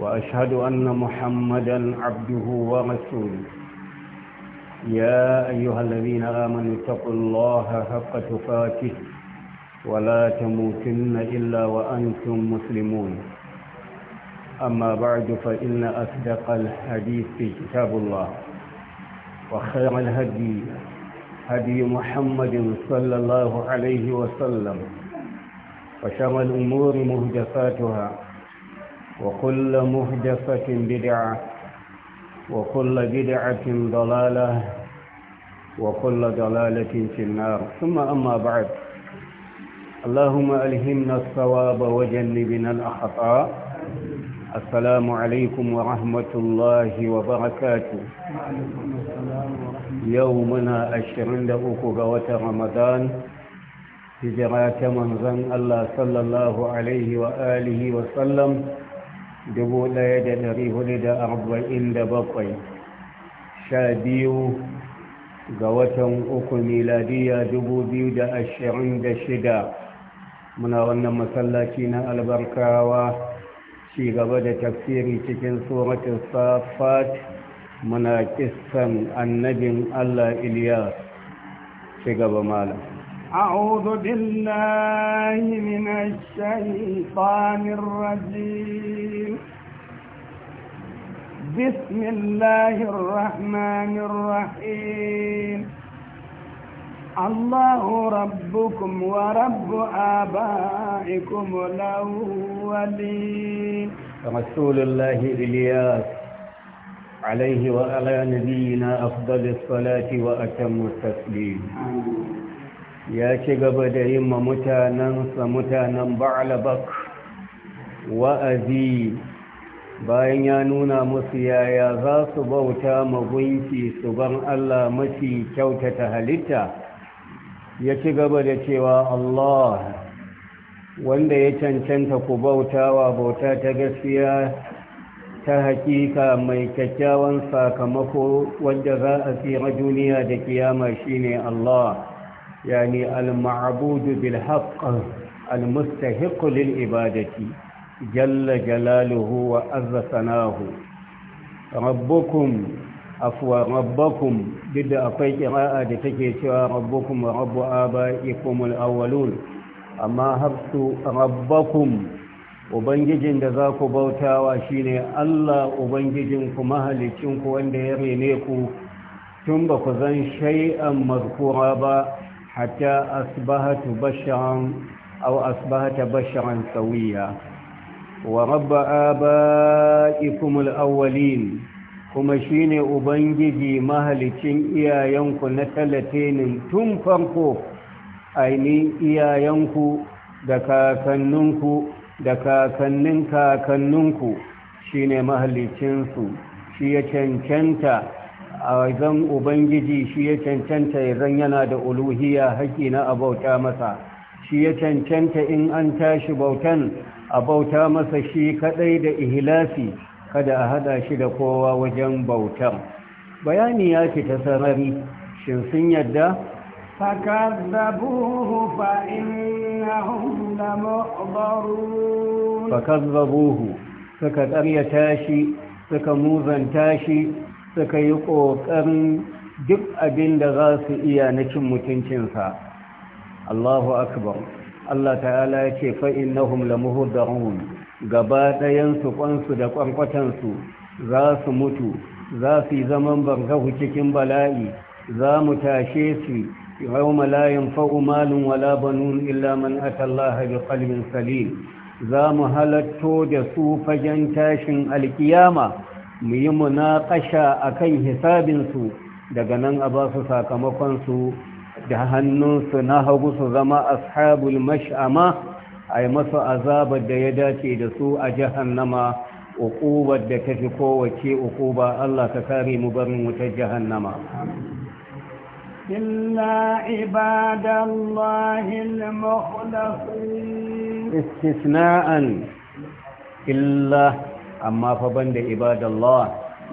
وأشهد أن محمدا عبده ورسوله يا أيها الذين آمنوا اتقوا الله حق تقاته ولا تموتن إلا وأنتم مسلمون أما بعد فإن أصدق الحديث في كتاب الله وخير الهدي هدي محمد صلى الله عليه وسلم وشر الأمور مهدفاتها وكل مهدفة بدعة وكل بدعة ضلالة وكل ضلالة في النار ثم أما بعد اللهم ألهمنا الصواب وجنبنا الأخطاء السلام عليكم ورحمة الله وبركاته يومنا أشرين دقوق رمضان هجرات منزن الله صلى الله عليه وآله وسلم dubu ɗaya da ɗari hudu da arba'in da bakwai sha biyu ga watan uku miladiya dubu biyu da ashirin da shida muna wannan masallaci na albarkawa ci gaba da tafsiri cikin tsorata safat muna kisan annabin allah iliyas ci gaba malam أعوذ بالله من الشيطان الرجيم بسم الله الرحمن الرحيم الله ربكم ورب آبائكم الأولين رسول الله إلياس عليه وعلى نبينا أفضل الصلاة وأتم التسليم آمين. ya ci gaba da yin ma mutanensa mutanen ba'alabak wa'azi bayan ya nuna musu yaya za su bauta magunki su ban Allah mafi kyauta ta halitta ya ci gaba da cewa Allah wanda ya cancanta ku bautawa bauta ta gaskiya ta hakika mai kyakkyawan sakamako wanda za a tsira duniya da kiyama shine Allah yani al-ma'budu bil haqq al-mustahiq lil ibadati jalla jalaluhu wa azza sanahu rabbukum afwa rabbukum akwai qira'a da take cewa rabbukum wa rabbu abaikum al-awwalun amma habtu rabbukum ubangijin da za ku bautawa shine Allah ubangijin ku mahalicin ku wanda ya rine ku tun ba ku zan shay'an maskura ba حتى أصبحت بشرا أو أصبحت بشرا سويا ورب آبائكم الأولين kuma shine ubangiji mahalicin iyayenku na talatinin tun farko ainihin iyayenku da kakanninku da kakannin kakanninku shine mahalicinsu shi ya cancanta a wajen ubangiji shi ya cancanta ya zan yana da uluhiya haƙi na abauta masa shi ya cancanta in an tashi bautan abauta masa shi kaɗai da ihilasi kada a haɗa shi da kowa wajen bautan bayani ya fita sarari shin sun yadda فكذبوه فإنهم لمحضرون suka فكذب tashi, suka muzanta shi suka yi ƙoƙarin duk abin da za su iya na cin mutuncinsa Allahu akbar Allah ta'ala ya ce fa'innahum lamuhdarun gaba ɗayan ƙwansu, da kwankwatansu za su mutu za su yi zaman barzahu cikin bala'i za mu tashe su yawma la yanfa'u malun wala banun illa man atallaha bi qalbin salim za mu halatto da su fagen tashin alkiyama mu yi a akan hisabinsu daga nan a ba su sakamakonsu da hannunsu na hagu su zama ashabul mash'ama a yi masu azabar da ya dace da su a jahannama uqubar da tafi kowace uƙuba Allah ka kare mu barin wutar jahannama إلا عباد الله المخلصين استثناء amma fa banda ibadallah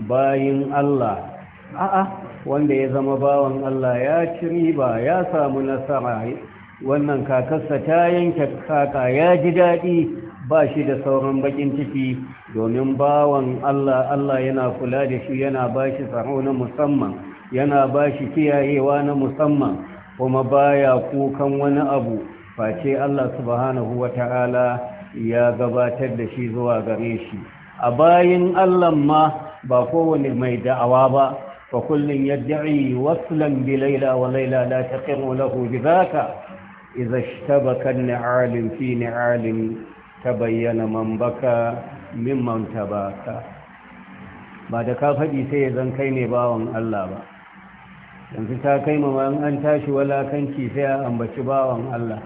bayin Allah a'a wanda ya zama bawan Allah ya ci riba ya samu nasara wannan kakarsa ta yanke kaka ya ji daɗi ba shi da sauran bakin ciki domin bawan Allah Allah yana kula da shi yana ba shi tsaro na musamman yana ba shi kiyayewa na musamman kuma baya kukan wani abu face Allah subhanahu wata'ala ya gabatar da shi zuwa gare shi a bayan Allah ma ba kowane mai da'awa ba fa kullun yad'i waslan bi layla wa layla la taqiru lahu bidhaka idha ishtabaka an fi ni'alim tabayyana man baka mimman tabaka ba da ka faɗi sai zan kai ne bawan Allah ba yanzu ta kai ma an tashi walakanci sai a ambaci bawan Allah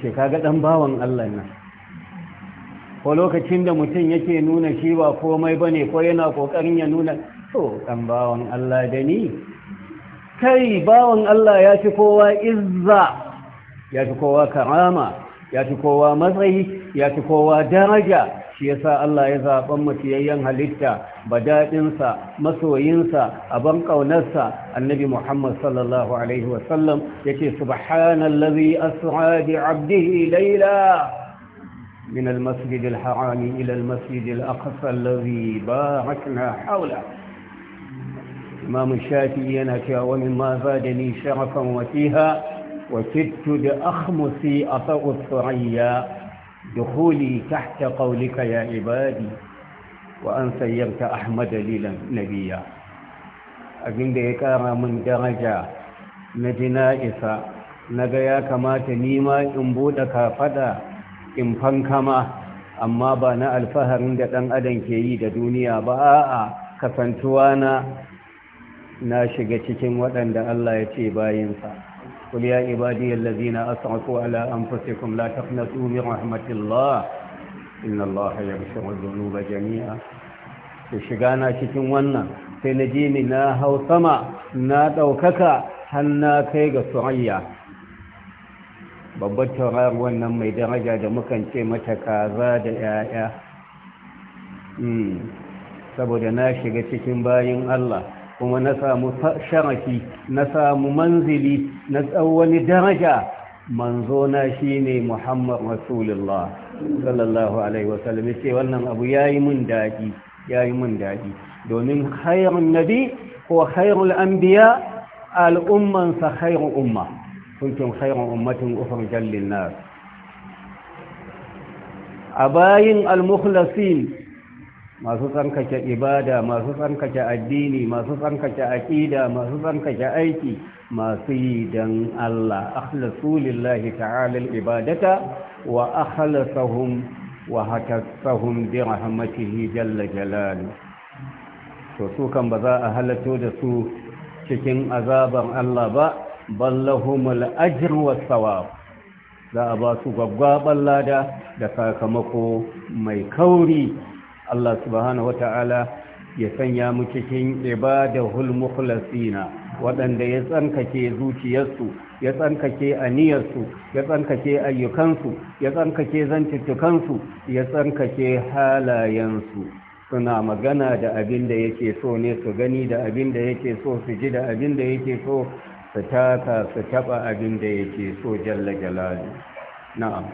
ce kaga ɗan bawan Allah nan ko lokacin da mutum yake nuna shi ba komai ba ne ko yana ƙoƙarin ya nuna to ɗan bawan Allah da ni kai bawan Allah ya fi kowa izza ya fi kowa karama ya fi kowa matsayi ya fi kowa daraja shi yasa Allah ya zaɓan mafiyayyen halitta ba daɗinsa, masoyinsa abin ƙaunarsa annabi Muhammad sallallahu Alaihi wasallam ya ce subhanallazi asra bi abdihi laila من المسجد الحرام إلى المسجد الأقصى الذي باركنا حوله إمام الشافعي ينكى ومما زادني شرفا وفيها وكدت بأخمسي أطأ الثريا دخولي تحت قولك يا عبادي وأن سيرت أحمد لي نبيا أجن ديكارا من درجة نجنائسة إسا ما كما تنيما إن بودك فدا in fankama amma ba na alfaharin da ɗan adam ke yi da duniya ba a kasantuwa na na shiga cikin waɗanda Allah ya ce bayinsa قل يا عبادي ala أسعفوا على أنفسكم لا تقنطوا من رحمة الله إن الله يغفر الذنوب جميعا to shiga na cikin wannan sai na ji ni na hau sama na ɗaukaka har na kai ga surayya babbar taurar wannan mai daraja da mukan ce mata kaza da 'ya'ya hmm. saboda na shiga cikin bayan Allah kuma na samu sharafi na samu manzili na tsawoni daraja manzo na ne Muhammad Rasulullah sallallahu alaihi wasallam ce wannan abu yayi mun dadi yayi mun dadi domin khairun nabi ko khairul anbiya al'umman sa khairu umma kuntum khairan ummatin ukhrijal lin-nas abayin al-mukhlasin masu tsankace ibada masu tsankace addini masu tsankace aqida masu tsankace aiki masu yi dan Allah akhlasu lillahi ta'ala al-ibadata wa akhlasahum wa hakassahum bi rahmatihi jalla jalalu. to su kan ba za a halatto da su cikin azaban Allah ba ballahumul ajr was sawab za a ba su gwaggwaban lada da sakamako mai kauri Allah subhanahu wata'ala ya sanya mu cikin ibadahul mukhlasina waɗanda ya tsankake zuciyarsu ya tsankake aniyarsu ya tsankake ayyukansu ya tsankake zantuttukansu ya tsankake halayensu suna magana da abin da yake so ne su gani da abin da yake so su ji da abin da yake so su taka su taɓa abin da yake so jalla jalali na'am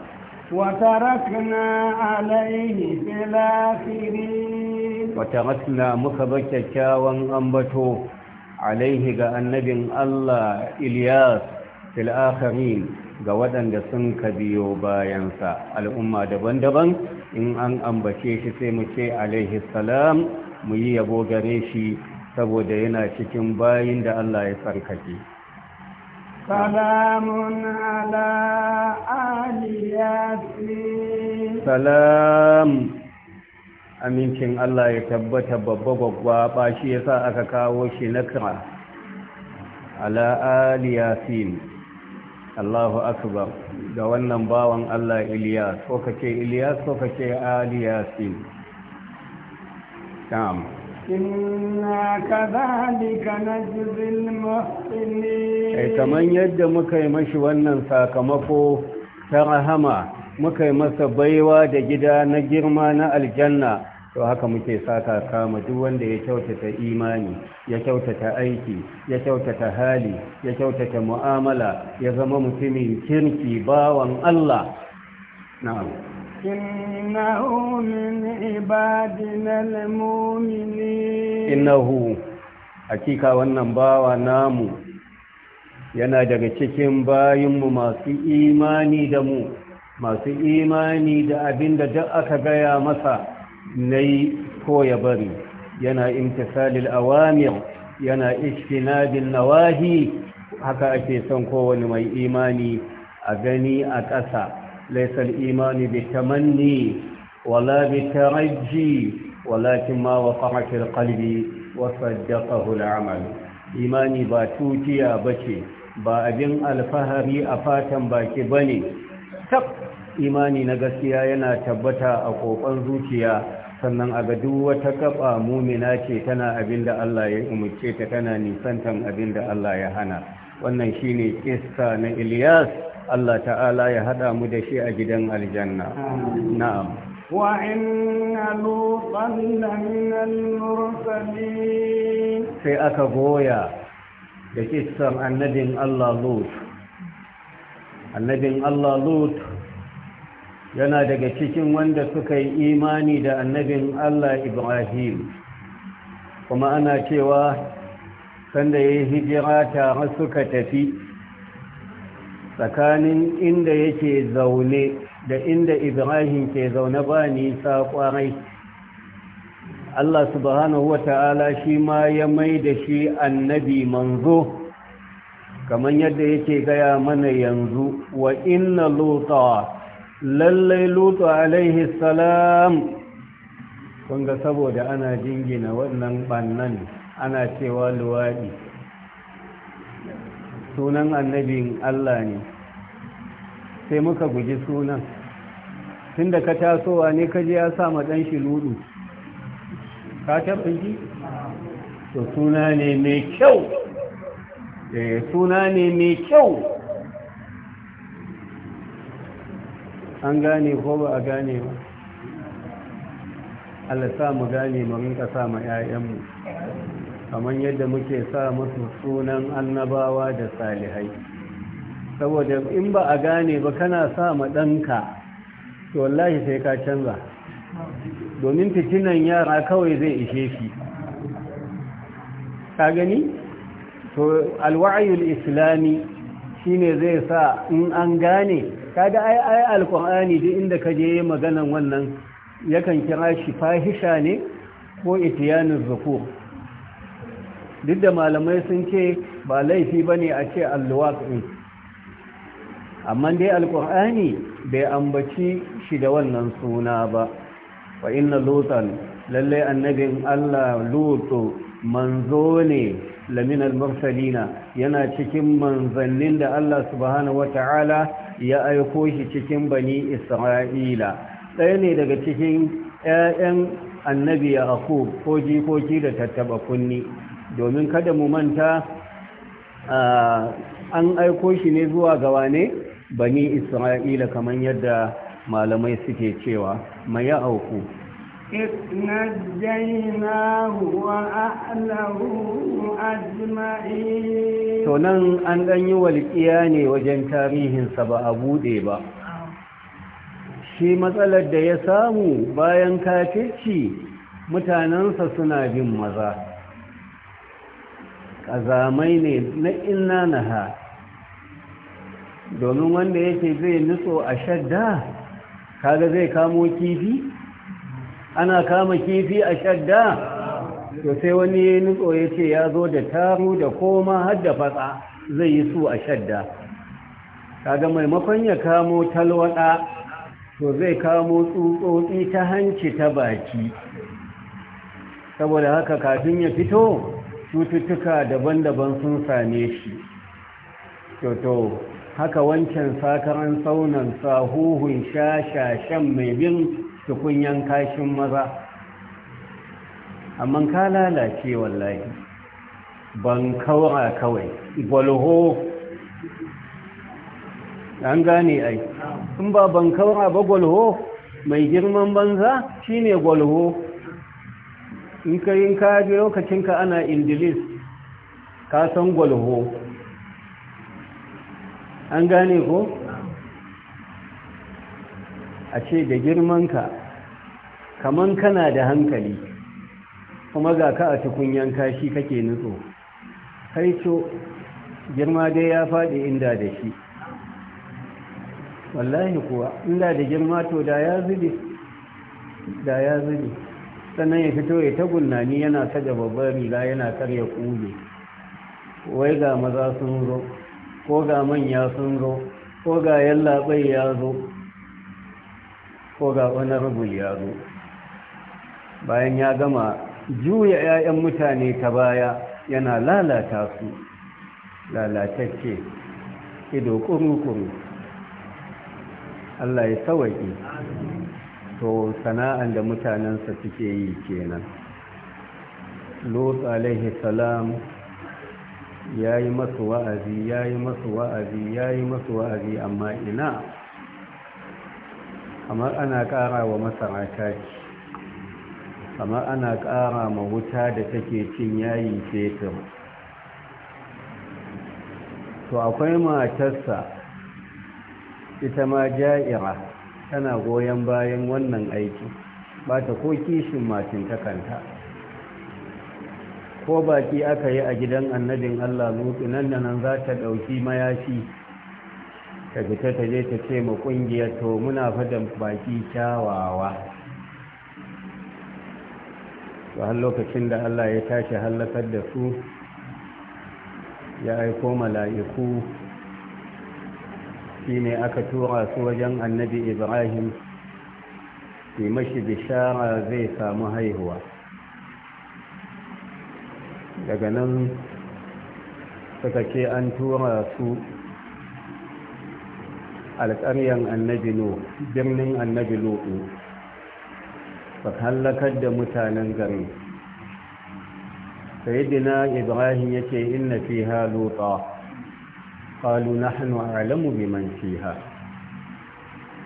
وتركنا عليه في الآخرين وتركنا مكبك كاوان أنبتو عليه كالنبي الله إلياس في الآخرين ga waɗanda sun kabiyo bayansa al'umma daban-daban in an ambace shi sai mu ce alaihi salam mu yi yabo gare shi saboda yana cikin bayin da Allah ya tsarkake سلام على آل ياسين سلام amincin Allah ya tabbata babba babba ba shi sa aka kawo shi na kira ala ali yasin Allahu akbar da wannan bawan Allah Iliyas ko kace Iliyas ko kace ali yasin tamam Ai, kamar yadda muka yi mashi wannan sakamako ta rahama muka yi masa baiwa da gida na girma na aljanna to haka muke saka kama duk wanda ya kyautata imani ya kyautata aiki ya kyautata hali ya kyautata mu'amala ya zama mutumin kirki bawan Allah na'am إنه من عبادنا المؤمنين إنه hakika wannan bawa namu yana daga cikin bayinmu masu imani da mu masu imani da abin da duk aka gaya masa na yi ko ya bari yana imtisalil awamir yana ishtinabin nawahi haka ake son kowane mai imani a gani a ƙasa ليس الإيمان بتمني ولا بترجي ولكن ما وقع في القلب وصدقه العمل إيماني باتوتيا بشي ba abin alfahari a fatan baki ba ne tab imani na gaskiya yana tabbata a kokon zuciya sannan a duk wata kaɓa mumina ce tana abinda Allah ya umarce tana nisantan abin da Allah ya hana wannan shine iska na Iliyas. Allah ta'ala ya haɗa mu da shi a gidan aljanna na'am wa inna da minal mursalin sai aka goya da kissan annabin Allah Lut annabin Allah Lut yana daga cikin wanda suka yi imani da annabin Allah Ibrahim kuma ana cewa sanda ya yi hijira tare suka tafi tsakanin inda yake zaune da inda ibrahim ke zaune ba nisa kwarai Allah subhanahu wa ta'ala shi ma ya mai da shi annabi manzo kamar yadda yake gaya mana yanzu wa inna luta lallai luta alaihi salam kun ga saboda ana jingina wannan bannan ana cewa luwaɗi sunan annabin Allah ne sai muka guji sunan tun da ka tasowa ne ka ji ya sa maɗan shi ludu ka taɓa ji? to suna ne mai kyau eh suna ne mai kyau an gane ko ba a gane ba Allah sa mu gane mu rinka sa ma 'ya'yanmu kamar yadda muke sa masu sunan annabawa da salihai saboda in ba a gane ba kana sa ma ɗanka to wallahi sai ka canza domin fitinan yara kawai zai ishe shi ka gani? to alwa'ayul islami shine zai sa in an gane kaga ai ai alqur'ani duk inda ka je maganan wannan yakan kira shi fahisha ne ko itiyanu zukur duk da malamai sun ce ba laifi ba ne a ce alluwak ɗin amma dai alƙur'ani bai ambaci shi da wannan suna ba wa inna lutan lallai annabin allah lutu manzo ne laminar mursalina yana cikin manzannin da allah subhanahu ya aiko shi cikin bani isra'ila ɗaya ne daga cikin 'ya'yan annabi ya ko jikoki da tattaba kunni domin kada mu manta an aiko shi ne zuwa ga wane bani isra'ila kamar yadda malamai suke cewa mai ya auku to nan an ɗan walƙiya ne wajen tarihinsa ba a buɗe ba shi matsalar da ya samu bayan ci, mutanensa suna bin maza ƙazamai ne na inna ha domin wanda yake zai nutso a shadda kaga zai kamo kifi ana kama kifi a shadda to sai wani ya nutso ya ce ya zo da taru da koma har da fatsa zai yi su a shadda kaga maimakon ya kamo talwada to zai kamo tsutsotsi ta hanci ta baki saboda haka kafin ya fito cututtuka daban-daban sun same shi to haka wancan sakaran saunan sahuhun sha-sha-shan mai bin tukunyan kashin maza amma ka lalace wallahi ban kawara kawai gwalho an gane ai in ba ban kawara ba gwalho mai girman banza shine gwalho in ka yi kaji lokacinka ana indilis ka san gwalho an gane ko a ce da girmanka kaman kana da hankali kuma ga ka a yanka shi kake nutso kai co girma dai ya faɗi inda da shi wallahi kuwa inda da girma to da ya zube da ya zube sannan ya fito ya ta gunnani yana da babbar riga yana karya kube wai ga maza sun zo ko ga manya sun zo ko ga yallaɓai ya zo ko ga wani rubul ya zo bayan ya gama juya 'ya'yan mutane ta baya yana lalata su lalatacce ido kuru-kuru Allah ya sawaƙi to sana'an da mutanensa suke yi kenan Los alaihi salam ya yi masu wa'azi ya yi masu wa'azi ya yi masu wa'azi amma ina kamar ana ƙara wa masarata taki kamar ana ƙara ma wuta da take cin yayi fetur to akwai matarsa ita ma ja'ira tana goyon bayan wannan aiki ba ta ko kishin matin ta kanta ko baki aka yi a gidan annabin Allah lutu nan da nan za ta ɗauki mayafi ta fita ta je ta ce ma ƙungiyar to muna fadan baki kyawawa har lokacin da Allah ya tashi hallakar da su ya aiko mala'iku ne aka tura su wajen annabi ibrahim ke mashi bishara zai samu haihuwa daga nan suka ce an tura su alƙaryan annabi no birnin annabi lo'u ba hallakar da mutanen gari sayidina ibrahim yake inna fi ha قالوا نحن a'lamu بمن فيها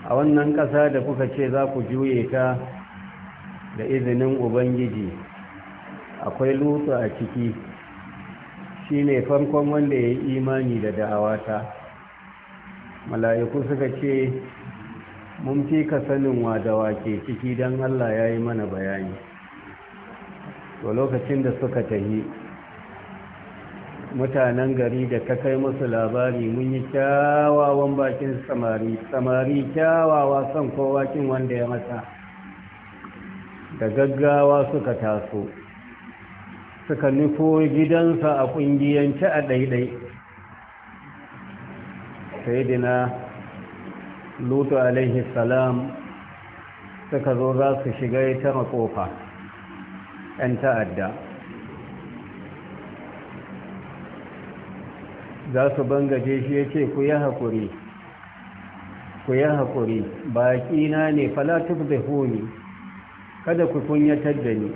a wannan kasa da kuka ce za ku juye ta da izinin ubangiji akwai lutu a ciki shine farkon wanda ya yi imani da da'awata mala'iku suka ce mun fi ka sanin wadawa ke ciki don allah ya yi mana bayani to lokacin da suka tahi mutanen gari da ta kai musu labari mun yi kyawawan bakin samari samari kyawawa son kowakin wanda ya mata da gaggawa suka taso suka nufo gidansa a kungiyance a ɗaiɗai Saidina lutu alaihi salam suka zo za su shiga ya tara ƙofa 'yan ta'adda za su bangaje shi ya ce ku yi haƙuri ku yi haƙuri ƙina ne falatuk da huni kada ku kunyatar da ni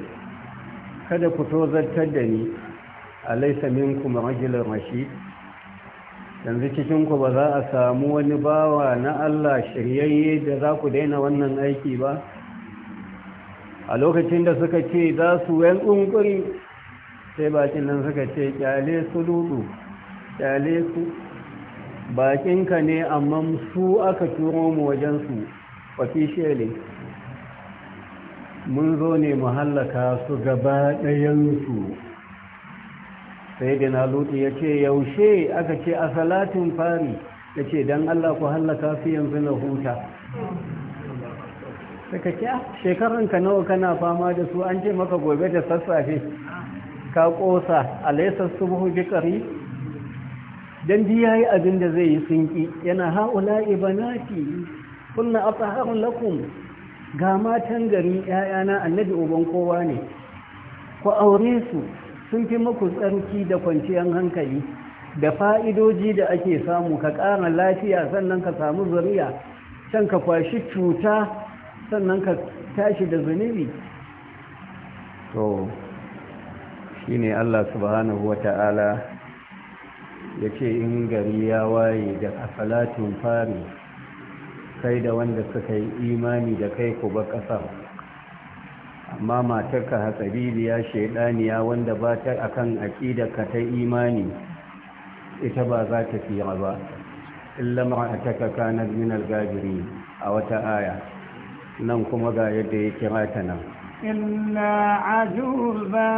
kada ku tozartar da ni a laisa kuma ajiyar mashi yanzu cikinku ba za a samu wani bawa na Allah shiryayye da za ku daina wannan aiki ba a lokacin da suka ce za su yan ƙunƙuri sai bakin nan suka ce ƙyale su lulu kyale su bakinka ne amma su aka turo mu wajensu shele mun zo ne mu hallaka su gaba ɗayansu sai da na lutu ya ce yaushe aka ce a salatin fari ya ce don allah ku hallaka su yanzu na huta suka ce ah, shekaranka nawa kana fama da su an ce maka gobe da sassafe ka kosa alaisar su buhu bi dan bi yayi abin da zai yi sunki yana haula ibanati kunna atahharu lakum ga matan gari ƴaƴana annabi uban kowa ne ku aure su sun fi muku tsarki da kwanciyar hankali da fa'idoji da ake samu ka ƙara lafiya sannan ka samu zuriya can ka kwashi cuta sannan ka tashi da zunubi to shine Allah subhanahu wata'ala ya ce in gari ya waye da afalatun fari kai da wanda suka yi imani da kai ku ba ƙasar amma matarka ya shaidaniya wanda ba ta akan ka ta imani ita ba za ta fi ba illa ma'ataka kana min algajiri a wata aya nan kuma ga yadda ya kira ta nan إلا عجوبا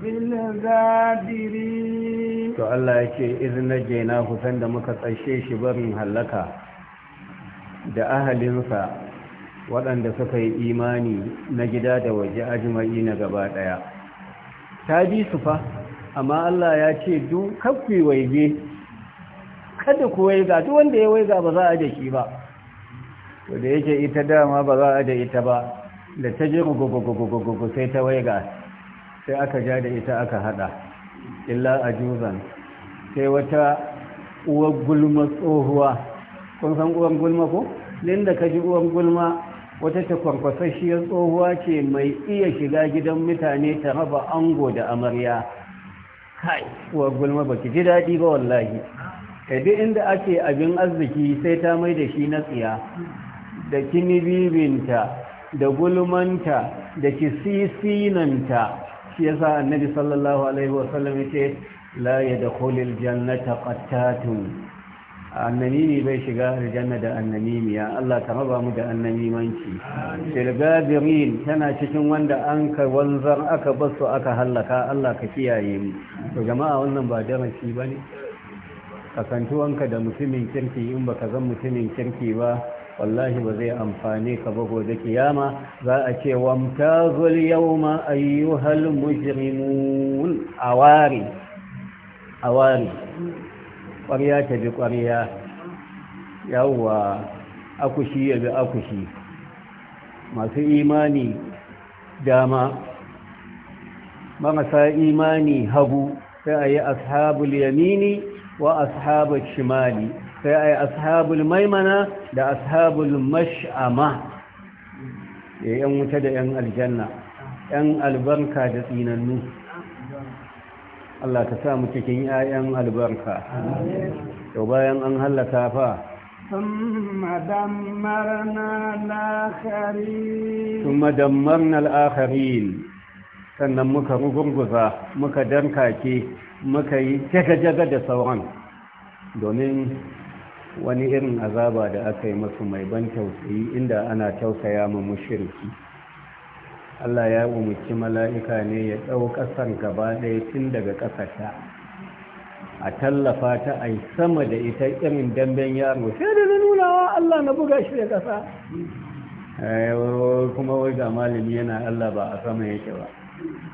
في الغابرين to Allah yake idan najena kusan da muka tsaishe shi barin halaka da ahalinsa waɗanda suka yi imani na gida da waje ajma'i na gaba ɗaya ta bi su fa amma Allah ya ce duk kakwi waige kada ku waiga duk wanda ya waiga ba za a da ba to da yake ita dama ba za a da ita ba da ta je gugugugugugugu sai ta waiga sai aka ja da ita aka hada illa a juzan sai wata uwar gulma tsohuwa kun san uwar gulma ko din da ka ji uwar gulma wata ta kwankwasashiyar tsohuwa ce mai iya shiga gidan mutane ta raba ango da amarya kai uwar gulma ba ki ji daɗi ba wallahi ɗaɗi inda ake abin arziki sai ta mai da shi na tsiya da kini bibinta da gulmanta da kisisinanta shi yasa annabi sallallahu alaihi wasallam yace la yadkhulul jannata qattatun annamimi bai shiga aljanna da annamimiya Allah ta raba mu da annamimanci silgabirin tana cikin wanda an ka wanzar aka basu aka hallaka Allah ka kiyaye mu to jama'a wannan ba darasi bane kasantuwanka da mutumin kirki in baka zan mutumin kirki ba wallahi ba zai amfani ka ba gobe kiyama za a ce wamtazul yawma ayyuhal mujrimun awari awari ƙwarya ta bi ƙwarya yawwa akushi ya bi akushi masu imani dama marasa imani hagu sai a yi ashabul yamini wa ashabul shimali sai ai ashabul maimana da ashabul mash'ama ya eh, yan wuta da yan aljanna yan albarka da tsinannu Allah ka sa mu cikin yayan albarka to bayan an halaka fa ثم دمرنا الآخرين ثم sannan muka rugurguza muka dankake muka yi jaga-jaga da sauran domin wani irin azaba da aka yi masu mai ban tausayi inda ana tausaya ma mushirki Allah ya umarci mala'ika ne ya ɗau ƙasar gaba ɗaya tun daga ƙasasha a tallafa ta a sama da ita irin damben yaro sai da nunawa Allah na buga shi da ƙasa eh, kuma wai ga malami yana Allah ba a sama yake ba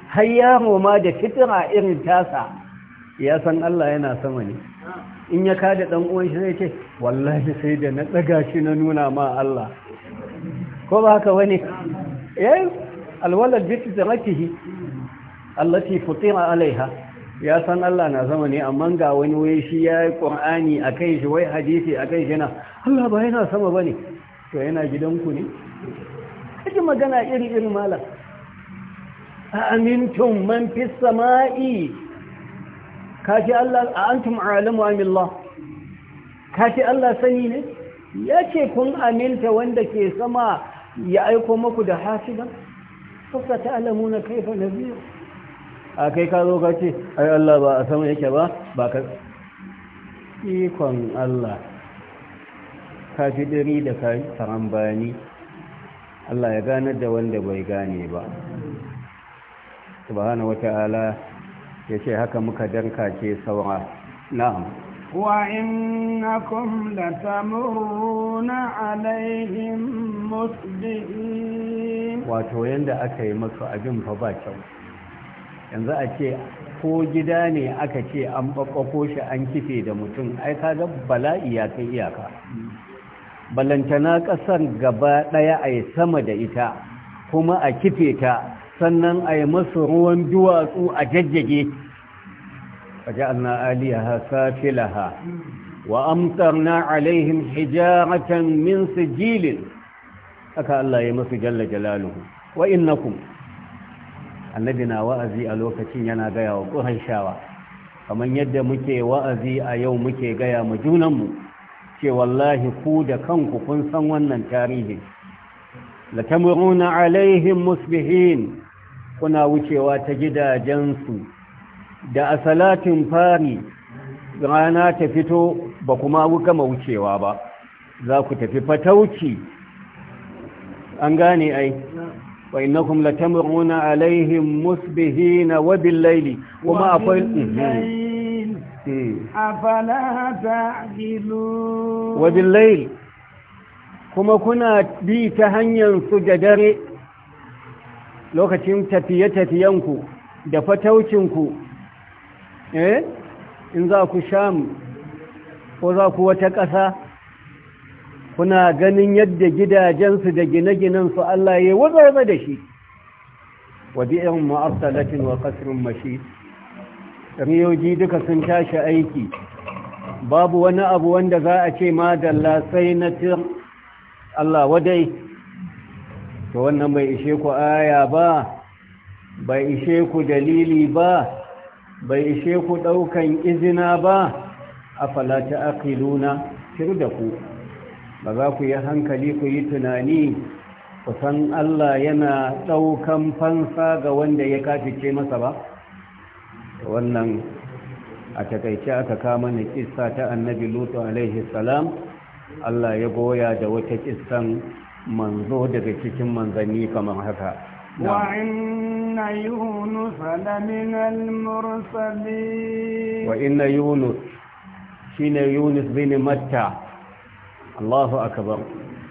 har yaro ma da fitira irin tasa ya san Allah yana sama ne in ya kada dan uwan shi zai ce wallahi sai da na daga shi na nuna ma Allah ko ba haka wani eh alwalad bi tizratihi allati futira alaiha ya san Allah na zama ne amma ga wani wai shi ya yi a kai shi wai hadisi a akai shi na Allah ba yana sama ba ne. to yana gidanku ne kaji magana iri iri malam a amintun man fi sama'i kashi Allah a antum alamu amillah kashi Allah sani ne ya ce kun aminta wanda ke sama ya aiko maku da hasiba sassa ta alamu na kaifa na biyu a kai ka zo ka ce ai Allah ba a sama yake ba ba ka ikon Allah kashi ɗari da kashi karambani Allah ya ganar da wanda bai gane ba subhanahu wata'ala ya ce haka muka dankace saura na'am وإنكم لتمرون alaihim musbihin wato yanda aka yi masu abin fa ba kyau yanzu a ce ko gida ne aka ce an babbako shi an kife da mutum ai kaga bala'i ya kai iyaka balantana ƙasar gaba daya ai sama da ita kuma a kife ta sannan a yi masu ruwan duwatsu a jajjage a ji an na'aliyaha safi laha wa amtar na alaihin hijaratan min sijilin aka Allah ya masu jalla jalaluhu wa innakun annabi na wa'azi a lokacin yana gaya wa ƙuran shawa kamar yadda muke wa'azi a yau muke gaya ma junanmu ce wallahi ku da kanku kun san wannan tarihi لتمرون عليهم مصبحين kuna wucewa ta gidajensu da a salatin fari rana ta fito ba kuma gama wucewa ba za ku tafi fatauci an gane ai wa innakum latamuruna alaihim musbihina wa bil-laili kuma akwai mm-hmm. mm. wa laili kuma kuna bi ta hanyar su da dare lokacin tafiye-tafiyenku da fataucinku eh in za ku sham ko za ku wata ƙasa kuna ganin yadda gidajensu da gine su Allah ya wazaza da shi wabi'in ma'arsalatin wa kasirin mashi riyoji duka sun tashi aiki babu wani abu wanda za a ce ma dalla sai na tir Allah wadai to wannan bai ishe ku aya ba bai ishe ku dalili ba bai ishe ku ɗaukan izina ba a falata aqiluna shir da ku ba za ku yi hankali ku yi tunani ku san Allah yana ɗaukan fansa ga wanda ya kafice masa ba wannan a takaice aka kama ni kissa ta annabi lutu alaihi salam Allah ya goya da wata kissan manzo daga cikin manzani kamar haka wa inna yunus shi ne yunus bin matta allahu akabar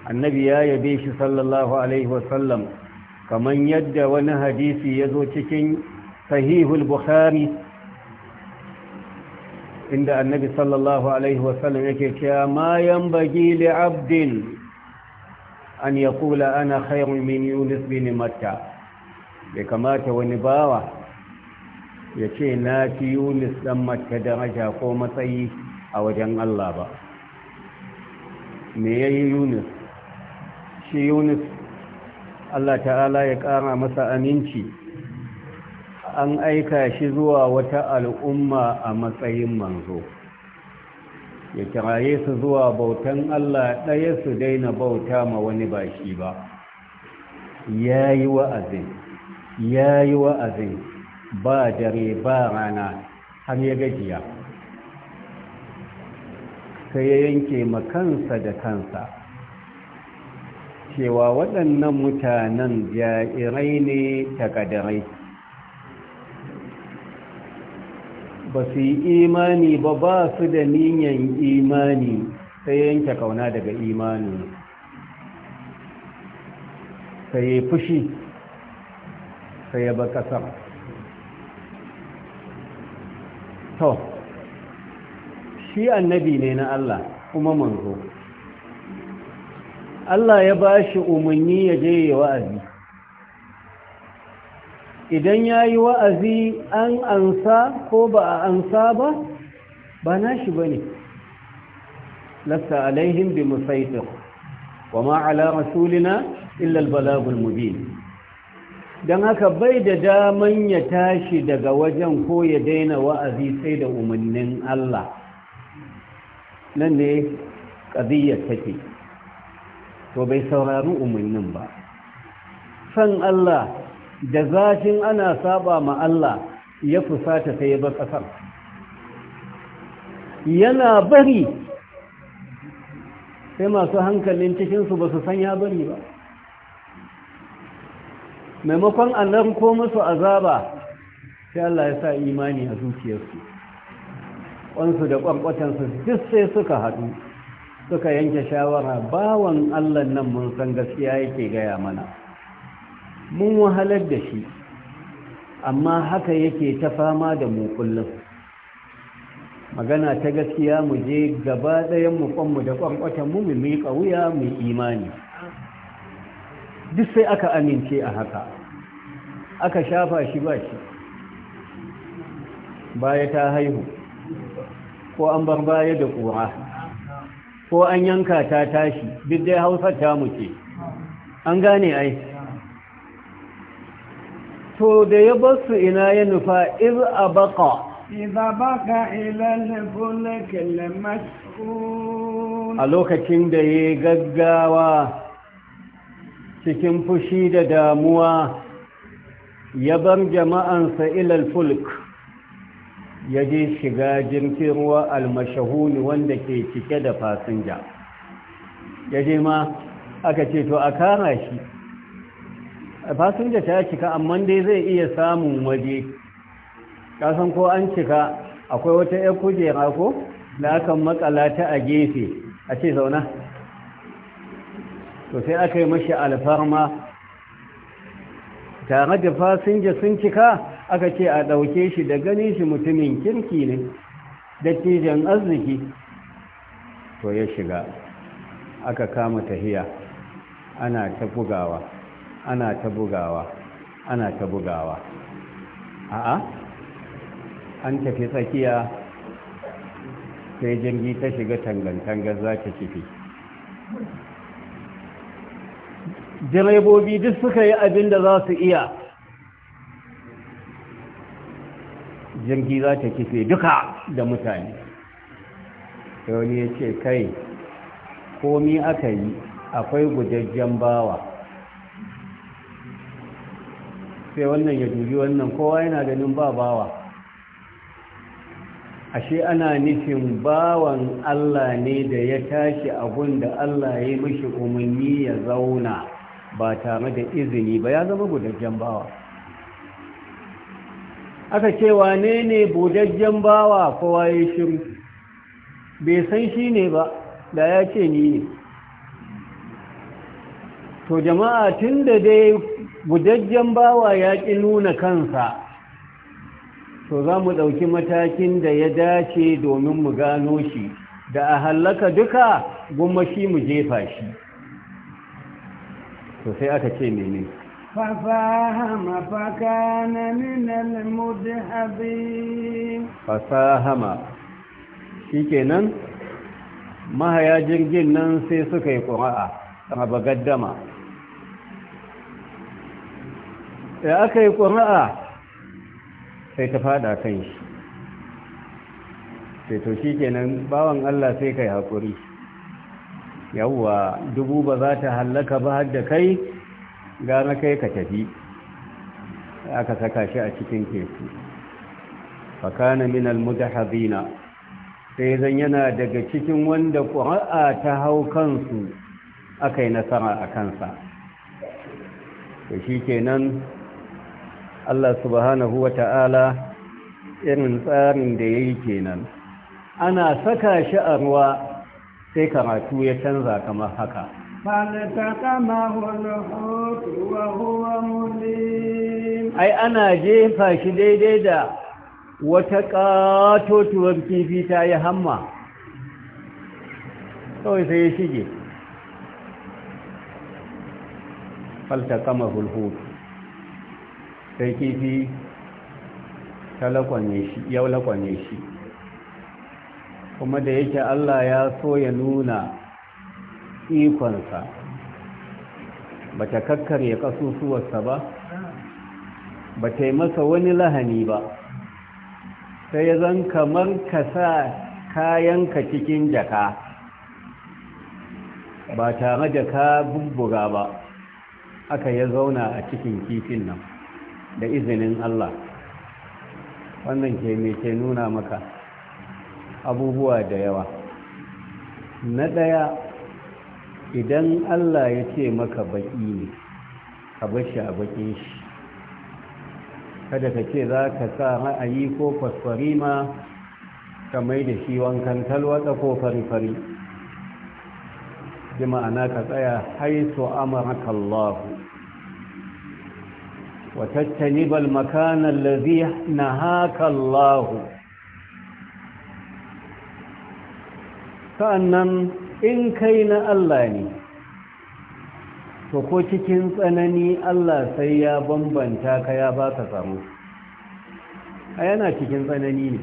annabi ya yabe shi sallallahu alaihi wasallam kamar yadda wani hadisi ya zo cikin sahihul bukhari inda annabi sallallahu alaihi wasallam yake cewa ma yan bagi li abdin an ya kula ana khairun min yunus bin matta bai kamata wani bawa ya ce na fi yunus dan matta daraja ko matsayi a wajen allah ba me ya yi yunus shi yunus allah ta'ala ya kara masa aminci an aika shi zuwa wata al'umma a matsayin manzo ya kiraye su zuwa bautan Allah ɗaya su daina bauta ma wani ba shi ba ya yi wa'azin ya yi wa'azin ba dare ba rana har ya gajiya sai ya yanke makansa da kansa cewa waɗannan mutanen jairai ne takadarai ba su yi imani ba ba su da niyan imani sai yanke kauna daga imani sai ya fushi sai ya ba kasar to shi annabi ne na Allah kuma manzo Allah ya ba shi umarni ya je yi wa'azi idan ya yi wa'azi an ansa ko ba a ansa ba ba shi ba ne lasta alaihim bi musaitir wa ma'ala rasulina illal balagul mubin don haka bai da daman ya tashi daga wajen ko ya daina wa'azi sai da umarnin Allah nan ne ƙadiyyar take to bai saurari umarnin ba san Allah da zafin ana saba ma Allah ya fusata sai ya bar ƙasar yana bari sai masu hankalin cikinsu ba su san ya bari ba maimakon annan ko musu azaba sai Allah ya sa imani a zuciyarsu ƙwansu da ƙwanƙwatansu duk sai suka haɗu suka yanke shawara bawan Allah nan mun san gaskiya yake gaya mana mun wahalar da shi amma haka yake ta fama da mu kullum magana ta gaskiya mu je gaba ɗayan mu kwanmu da kwankwata mu mu miƙa wuya mu imani duk sai aka amince a haka aka shafa shi ba shi baya ta haihu ko an bar baya da ƙura ko an yanka ta tashi duk dai Hausa ta muke an gane ai to da ya su ina ya nufa iz abaka إذا بقى إلى a lokacin da ya gaggawa cikin fushi da damuwa ya bar jama'ansa ilal fulk ya je shiga jirgin ruwa almashahuni wanda ke cike da fasinja ya je ma aka ce to a kara shi fasinja ta cika amma dai zai iya samun waje kasan ko an cika akwai wata ya kujera ko da aka makala ta a gefe a ce zauna to sai aka yi mashi alfarma tare da fasinja sun cika aka ce a ɗauke shi da gani shi mutumin kirki ne da tijan arziki to ya shiga aka kama tahiya ana ta bugawa ana ta bugawa ana ta bugawa a'a an tafi tsakiya sai jirgi ta shiga tangantangar za ta kifi direbobi duk suka yi abin da za su iya jirgi za ta kife duka da mutane yau ne ya ce kai komi aka yi akwai gujajjen bawa sai wannan ya dubi wannan kowa yana ganin ba bawa ashe ana nufin bawan Allah ne da ya tashi abun da Allah ya yi mishi umarni ya zauna ba tare da izini ba ya zama budajjen bawa aka ce wane ne budajjen bawa kowa ya shiru bai san shi ne ba da ya ce ni ne to jama'a tun da dai budajjen bawa ya ƙi nuna kansa to za mu ɗauki matakin da ya dace domin mu gano shi da a hallaka duka gumma shi mu jefa shi to sai aka ce mene fasahama fakana min almudhabin fasahama mahaya jirgin nan sai suka yi ƙura'a a bagaddama da aka yi ƙuri'a sai ta fada kan shi sai to shi kenan bawan Allah sai kai haƙuri yawwa dubu ba za ta hallaka ba har da kai gane kai ka tafi aka saka shi a cikin teku fakana min hazina, sai zan yana daga cikin wanda ƙuri'a ta hau kansu aka yi nasara a kansa to shi kenan Allah subhanahu wa ta'ala irin tsarin da ya yi kenan ana saka shi a ruwa sai karatu ya canza kamar haka ai ana jefa shi daidai da wata ƙatotuwar kifi ta yi hamma kawai sai ya shige falta kama hulhutu sai kifi ta lakwane shi ya lakwane shi kuma da yake Allah ya so ya nuna ikonsa ba ta kakkarye kasusuwarsa ba ba ta yi masa wani lahani ba sai ya zan kamar ka sa kayanka cikin jaka ba tare da ka ba aka ya zauna a cikin kifin nan da izinin Allah wannan ke mai ke nuna maka abubuwa da yawa na ɗaya idan Allah ya ce maka baƙi ne ka bashi a baƙin shi kada ka ce za ka sa ra'ayi ko kwasfari ma ka mai da shi wankan talwata ko fari-fari ji ma'ana ka tsaya haisu amurka Allahu وتجتنب المكان الذي hakan Lahu. sa'annan in kai na Allah ne to ko cikin tsanani Allah sai ya bambanta ka ya ba ka samu a yana cikin tsanani ne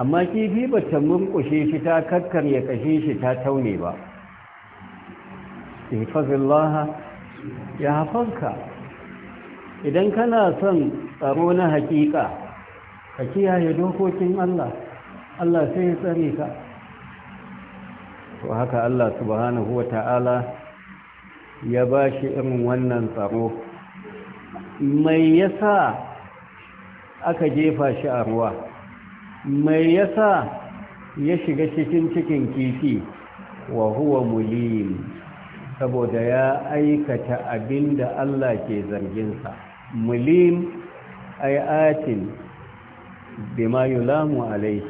amma kifi ba ta murkushe shi ta kakkar ya kashe shi ta taune ba ya ya haifazka idan kana son tsaro na hakika ka kiyaye dokokin Allah Allah sai ya tsare ka to haka Allah subhanahu ta'ala ya ba shi irin wannan tsaro mai yasa aka jefa shi a ruwa mai yasa ya shiga cikin cikin kifi wa huwa mulim saboda ya aikata abinda Allah ke zarginsa mulim ay atin bima yulamu alayhi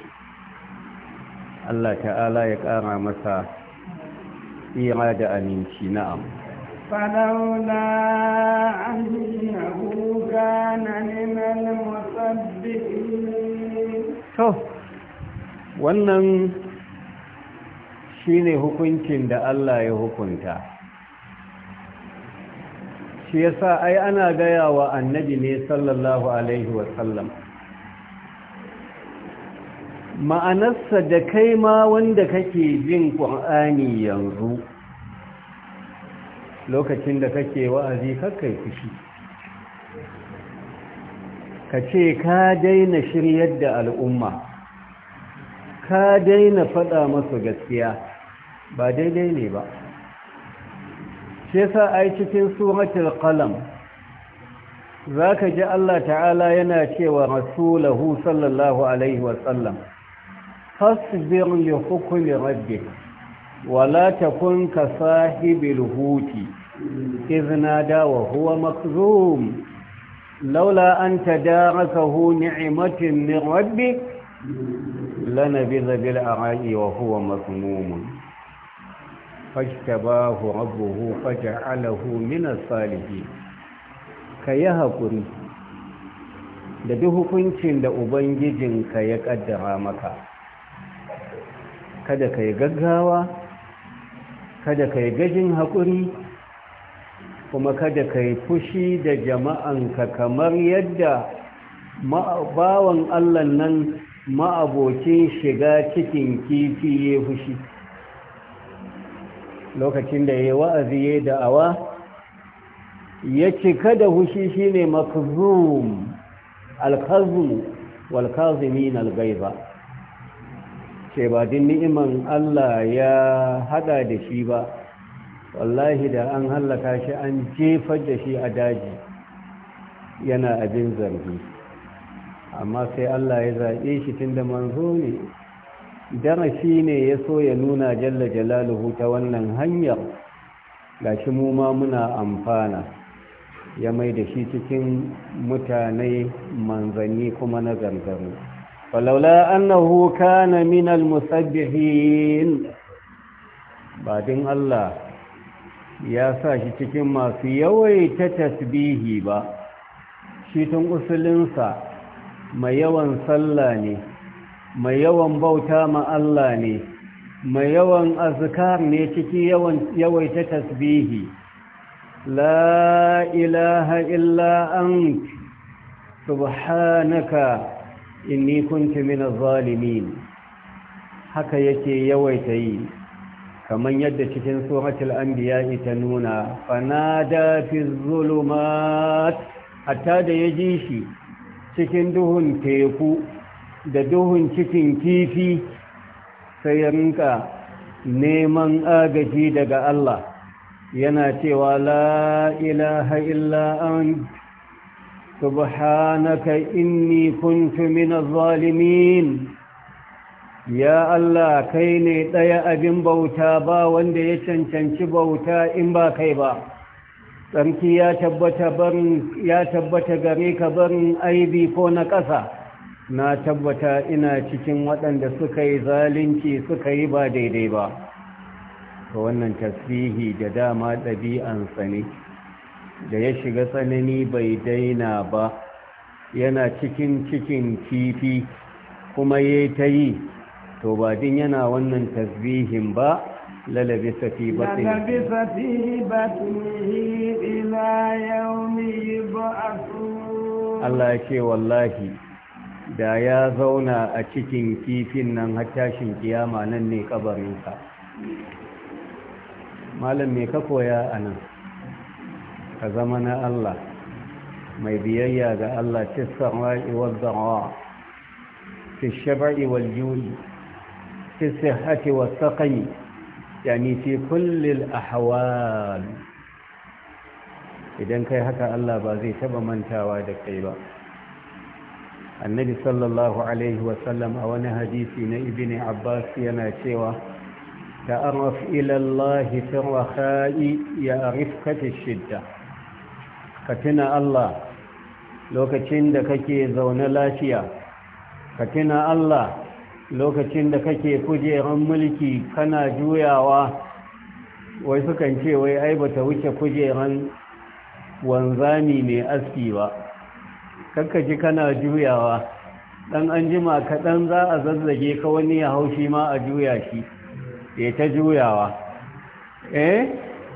Allah ta'ala ya kara masa ira da aminci na'am فلولا أنه كان من المصدقين شوف wannan shine hukuncin da Allah ya hukunta shi yasa ai ana gaya wa annabi ne sallallahu alaihi wasallam ma'anarsa da kai ma wanda kake jin ƙwa'ani yanzu lokacin da kake wa'azi kakai fushi ka ce ka daina shiryar da al'umma ka daina faɗa masu gaskiya ba daidai ne ba shi yasa ai cikin suratul qalam zaka ji Allah ta'ala yana cewa rasulahu sallallahu alaihi wa sallam fasbir li hukmi rabbik wa la takun ka sahibil huti idh nada wa huwa makzum laula an tadarakahu ni'matun min rabbik lanabidha bil ara'i wa huwa masmum فاجتباه ربه فجعله من الصالحين كي هكري da duk hukuncin da ubangijin ka ya ƙaddara maka kada ka yi gaggawa kada ka yi gajin haƙuri kuma kada ka yi fushi da jama'anka kamar yadda bawan allah nan ma'abokin shiga cikin kifi ya fushi lokacin da ya wa'azi ya da'awa ya cika da hushi shine makzum alkazm wal kazimin alghaiba ce ba din ni'iman Allah ya haɗa da shi ba wallahi da an hallaka shi an jefar da shi a daji yana abin zargi amma sai Allah ya zaɓe shi tun da manzo ne shi ne ya so ya nuna jalla jalaluhu ta wannan hanyar shi mu ma muna amfana ya mai da shi cikin mutane manzanni kuma na gangaro falaula annahu kana min almusabbihin badin Allah ya sa shi cikin masu yawai ta tasbihi ba shi tun usulinsa mai yawan sallah ne mai yawan bauta ma Allah ne mai yawan azkar ne ciki yawan yawaita tasbihi la ilaha illa ant subhanaka inni kuntu minaz zalimin haka yake yawaita yi kamar yadda cikin suratul anbiya ita nuna fanada fi zulumat hatta da yaji shi cikin duhun teku da duhun cikin kifi sai ya rinka neman agaji daga Allah yana cewa la ilaha illa subhanaka inni kuntu min zalimin ya Allah kai ne ɗaya abin bauta ba wanda ya cancanci bauta in ba kai ba tsarki ya tabbata gare ka barin aibi ko na ƙasa na tabbata ina cikin waɗanda suka yi zalunci suka yi ba daidai ba ta wannan tasbihi da dama ɗabi'an tsani da ya shiga tsanani bai daina ba yana cikin cikin kifi kuma ya ta yi to ba din yana wannan tasbihin ba lalabi safi ba lalabi Allah ya ce wallahi da ya zauna a cikin kifin nan hattashin kiyama nan ne kabarinsa malam me ka koya a nan ka zama na Allah mai biyayya ga Allah fisar ra'i wazzarwa fi shaba'i wal juri fi yani fi kulli al idan kai haka Allah ba zai taba mantawa da kai ba annabi sallallahu alaihi wasallam a wani hadisi na ibn abbas yana cewa ta'arraf ila Allah fi rakhai ya arifkata shidda ka tuna Allah lokacin da kake zaune lafiya ka tuna Allah lokacin da kake kujeran mulki kana juyawa wai sukan ce wai ai bata wuce kujeran wanzami mai aski ba ka ji kana juyawa dan an jima kaɗan za a zazzage ka wani ya haushi ma a juya shi ya ta juyawa eh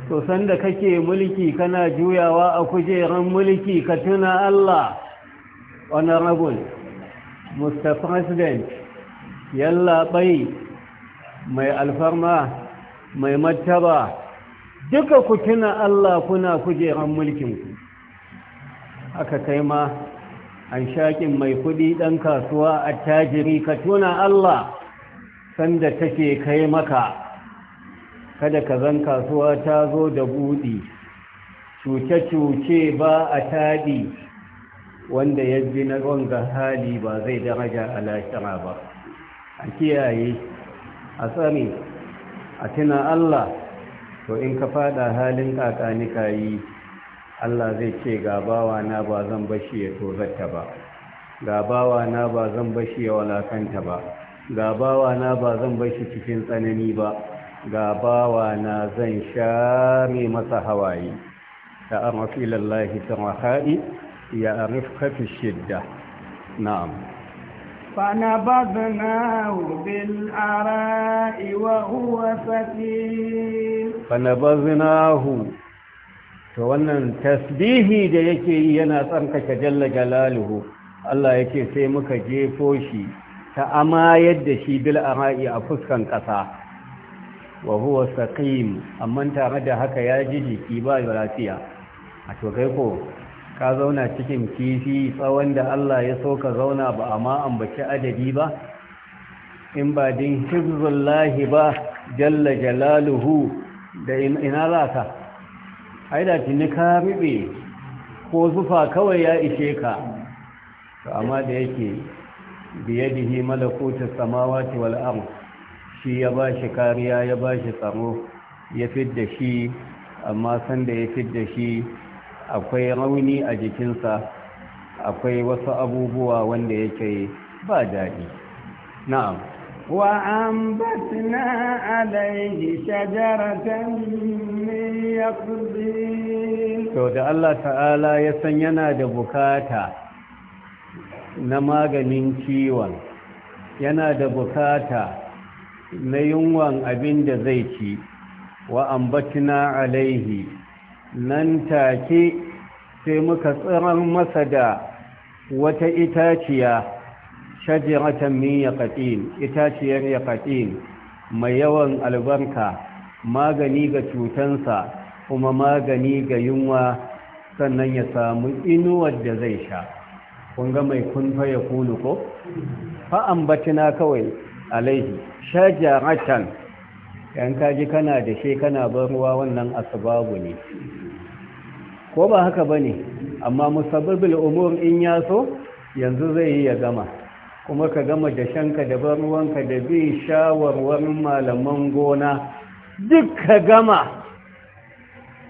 to sanda kake mulki kana juyawa a kujeran mulki ka tuna Allah honorable mr president yalla bai mai alfarma mai martaba duka ku tuna Allah kuna kujeran mulkinku aka kai ma an shaƙin mai kuɗi ɗan kasuwa a tajiri ka tuna Allah sanda take kai maka kada ka zan kasuwa ta zo da buɗi cuce-cuce ba a taɗi wanda ya ji na gonga hali ba zai daraja a lashira ba a kiyaye a tsari a tuna Allah to in ka faɗa halin ka yi Allah zai ce ga bawa na ba zan bashi ya tozarta ba ga bawa na ba zan bashi ya walakanta ba ga bawa na ba zan bashi cikin tsanani ba ga bawa na zan share masa hawaye ta amafi lallahi ta mahari ya arifka fi shidda na'am فنبذناه بالعراء وهو سكين فنبذناه to wannan tasbihi da yake yi yana tsarkake jalla jalaluhu Allah yake sai muka jefo shi ta amayar da shi bil ara'i a fuskan ƙasa wa huwa saqim amma tare da haka ya ji jiki ba lafiya a to kai ko ka zauna cikin kifi tsawon da Allah ya so ka zauna ba amma ambaci adadi ba in ba din hizbullahi ba jalla jalaluhu da ina za ka haida tuni ka ruɓe ko zufa kawai ya ishe ka amma da yake biyadihi malakutu samawati wal ardh shi ya ba shi kariya ya ba shi tsaro ya fidda shi amma sanda ya fidda shi akwai rauni a jikinsa akwai wasu abubuwa wanda yake ba daɗi na'am وأنبتنا عليه شجرة من يقضين سود الله تعالى يسنينا دبكاتا نماغ من كيوان yana da bukata na yunwan abin da zai ci wa ambatina alaihi nan take sai muka tsirar masa da wata itaciya shajaratan min yaqatin itaciyar yaqatin mai yawan albarka magani ga cutansa kuma magani ga yunwa sannan ya samu inuwar da zai sha kun ga mai kunfa ya kunu ko fa ambatina kawai alaihi shajaratan yan kaji kana da she kana bar ruwa wannan asbabu ne ko ba haka bane amma musabbabul umur in yaso yanzu zai yi ya gama kuma ka gama dashenka da ban da bin shawarwarin malaman gona duk ka gama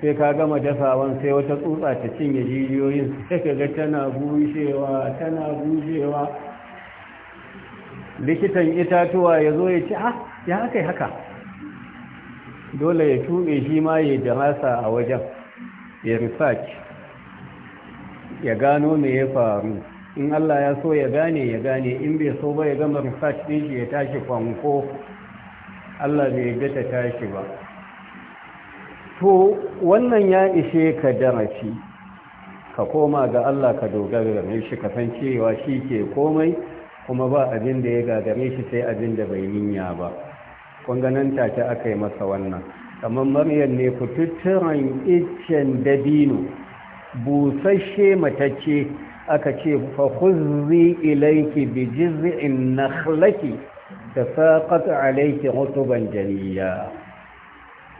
sai ka gama dafawan sai wata tsutsa ta cinye jijiyoyin sai ka ga tana bushewa tana gushewa likitan itatuwa ya zo ya ce ah ya haka haka dole ya tuɓe shi ma ya jarasa a wajen ya research ya gano me ya faru in Allah ya so ya gane ya gane in bai so ba ya gama research din shi ya tashi kwanko Allah bai yarda ta tashi ba to wannan ya ishe ka darasi ka koma ga Allah ka dogara ga shi ka san cewa shi ke komai kuma ba abin da ya gagare shi sai abin da bai ninya ba kun ganin aka yi masa wannan kamar maryam ne ku tutturan iccen dabino busasshe matacce aka ce fa ilaiki ilayki bi jiz'in da tafaqat alaiki rutuban janiya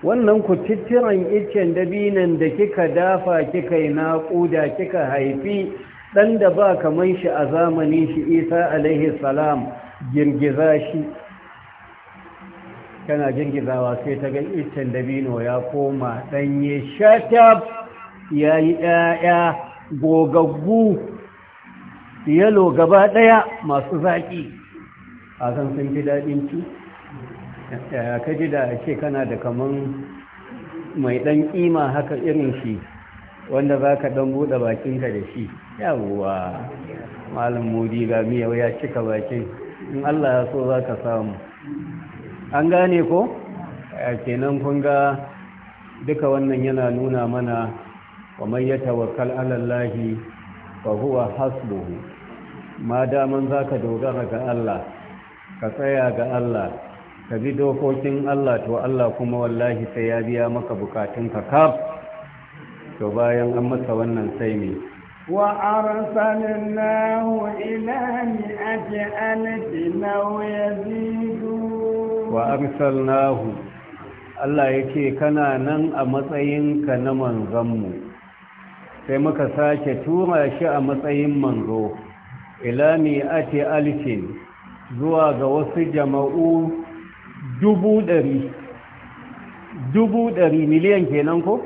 wannan ku iccen dabinan da kika dafa kika yi naƙuda kika haifi dan da ba kamar shi a zamanin shi Isa alaihi salam girgiza shi tana girgizawa sai ta ga iccen dabino ya koma ɗanye shatab ya yi ɗaya gogaggu yalo gaba daya masu zaƙi. a san sun fi daɗin ci ka ji da ce kana da kaman mai ɗan ƙima haka irin shi wanda za ka ɗan buɗe bakinka da shi yawwa malam modi ga miyau ya cika bakin in allah ya so za ka samu an gane ko kenan kun ga duka wannan yana nuna mana wa mai ya tawakkal alallahi fa huwa hasbuhu ma daman zaka dogara ga Allah ka tsaya ga Allah ka bi dokokin Allah to Allah kuma wallahi sai ya biya maka bukatunka kaf to bayan an masa wannan sai ne ila mi'ati مئة ألف yazidu wa arsalnahu Allah ya kana nan a matsayinka na manzanmu sai muka sake tura shi a matsayin manzo ila ati alfin zuwa ga wasu jama'u dubu ɗari dubu ɗari miliyan kenan ko?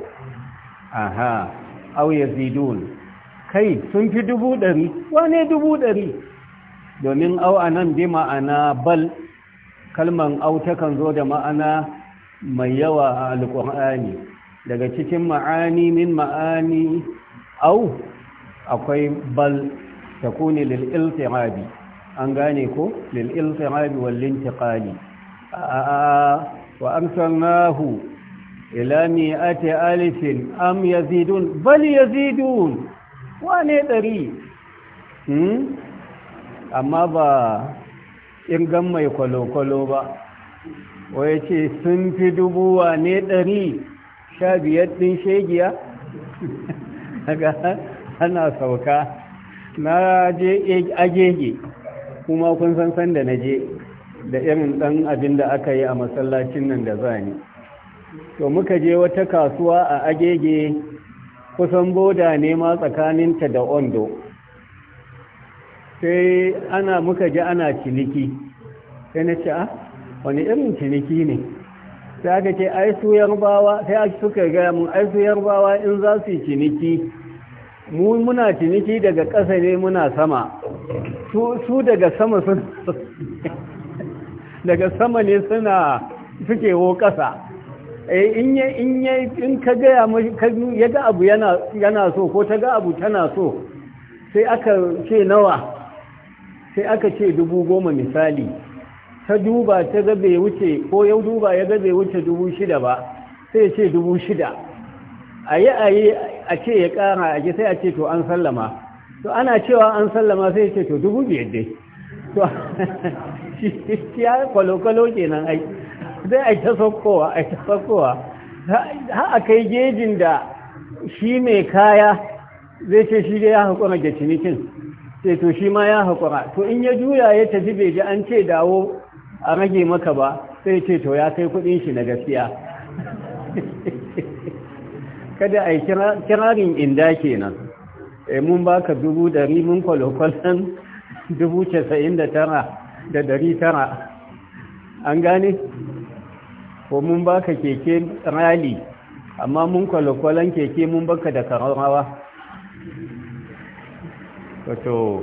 aha auye zidun kai sun fi dubu ɗari wane dubu ɗari domin au a nan bi ma'ana bal kalman au takan zo da ma'ana mai yawa a alƙur'ani daga cikin ma'ani min ma'ani au akwai bal takuni lil iltirabi an gane ko lil iltirabi wal intiqali wa amsalnahu ila mi'ati alifin am yazidun bal yazidun wane dari hmm amma ba ingan mai kwalo-kwalo ba wai ce sun fi dubuwa ne dari sha biyar din shegiya ana sauka na je agege kuma kun san san da na je da irin ɗan abin da aka yi a masallacin nan da zani to muka je wata kasuwa a agege kusan boda ne ma tsakaninta da ondo sai ana muka ji ana ciniki sai na ce a ah, wani irin ciniki ne sai aka ce ai su yarbawa sai aka suka gaya mun ai su yarbawa in za su yi ciniki mu muna ciniki daga ƙasa ne muna sama su daga sama sun daga sama ne suna suke wo ƙasa eh, in ya in ya in ka gaya ya ga abu yana yana so ko ta ga abu tana so sai aka ce nawa sai aka ce dubu goma misali ta duba ta ga bai wuce ko ya duba ya ga bai wuce dubu shida ba sai ce dubu shida a yi a yi a ce ya ƙara a ji sai a ce to an sallama to ana cewa an sallama sai ya ce to dubu biyar dai to ya kwalokwalo kenan ai zai a ta saukowa a ta saukowa har a kai gejin da shi mai kaya zai ce shi dai ya haƙura da cinikin sai to shi ma ya haƙura to in ya juya ya tafi bai ji an ce dawo a rage maka ba sai ce to ya kai kudin shi na gaskiya kada a yi kirarin inda kenan e mun baka dubu dari mun kwalokwalon dubu casa'in da tara da dari tara an gane ko mun baka keke rali amma mun kwalokwalon keke mun baka da karawa wato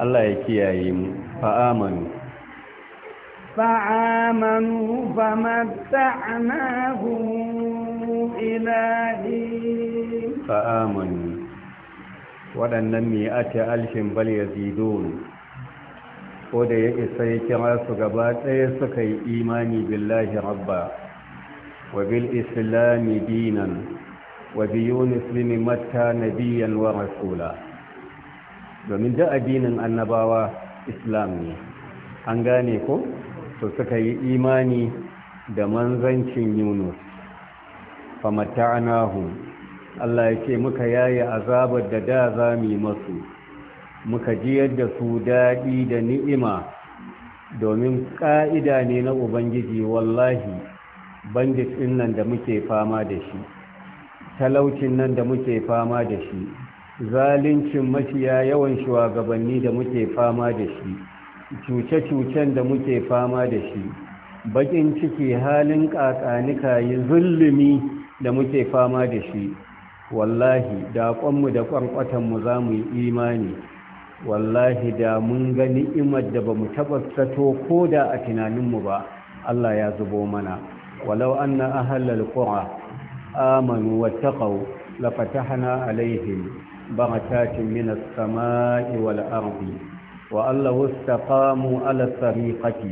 Allah ya kiyaye mu fa'amani فآمنوا فمتعناهم إلى حين فآمنوا waɗannan mi'ati alfin bal yazidun ko da ya isa ya kira su gaba ɗaya suka yi imani billahi rabba wa bil islami dinan wa bi yunus bin nabiyan wa rasula domin da addinin annabawa islam ne an gane ko Su suka yi imani da manzancin yunus famata'anahum Allah ya ce muka yaye azabar da da za mu yi masu muka ji yadda su daɗi da ni'ima domin ƙa'ida ne na ubangiji wallahi bandit ɗin nan da muke fama da shi talaucin nan da muke fama da shi zalincin mafiya yawan shugabanni da muke fama da shi cuce-cucen da muke fama da shi bakin ciki halin kakanika yi zulumi da muke fama da shi wallahi da kwanmu da kwankwatanmu za mu yi imani wallahi da mun gani imar da ba mu tabbasato ko da a tunaninmu ba Allah ya zubo mana walau na ahlal ƙura amanu alaihin. lafatahna alaihim barakatin minas samai wal وأن لو استقاموا على الطريقة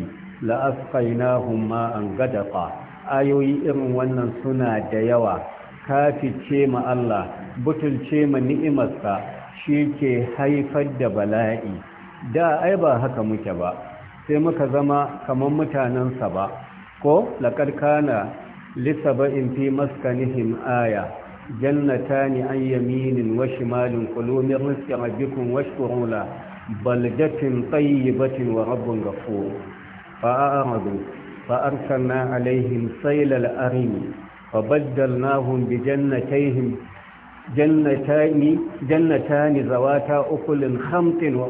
لأسقيناهم ماء غدقا ayoyi irin wannan suna da yawa kafice ma Allah butulce ma ni'imarsa shi ke haifar da bala'i da ai ba haka muke ba sai muka zama kamar mutanensa ba ko laƙar kana lisaba'in fi maskanihim aya jannata ni an yaminin wa shimalin kulumin rufin abikun washkurula balgatin tsayyibatin wa rabin gafuru fa a amadu fa an kanna alaihin tsailal arini fa baddal nahun bi jannatani zawata ukulin hamtin wa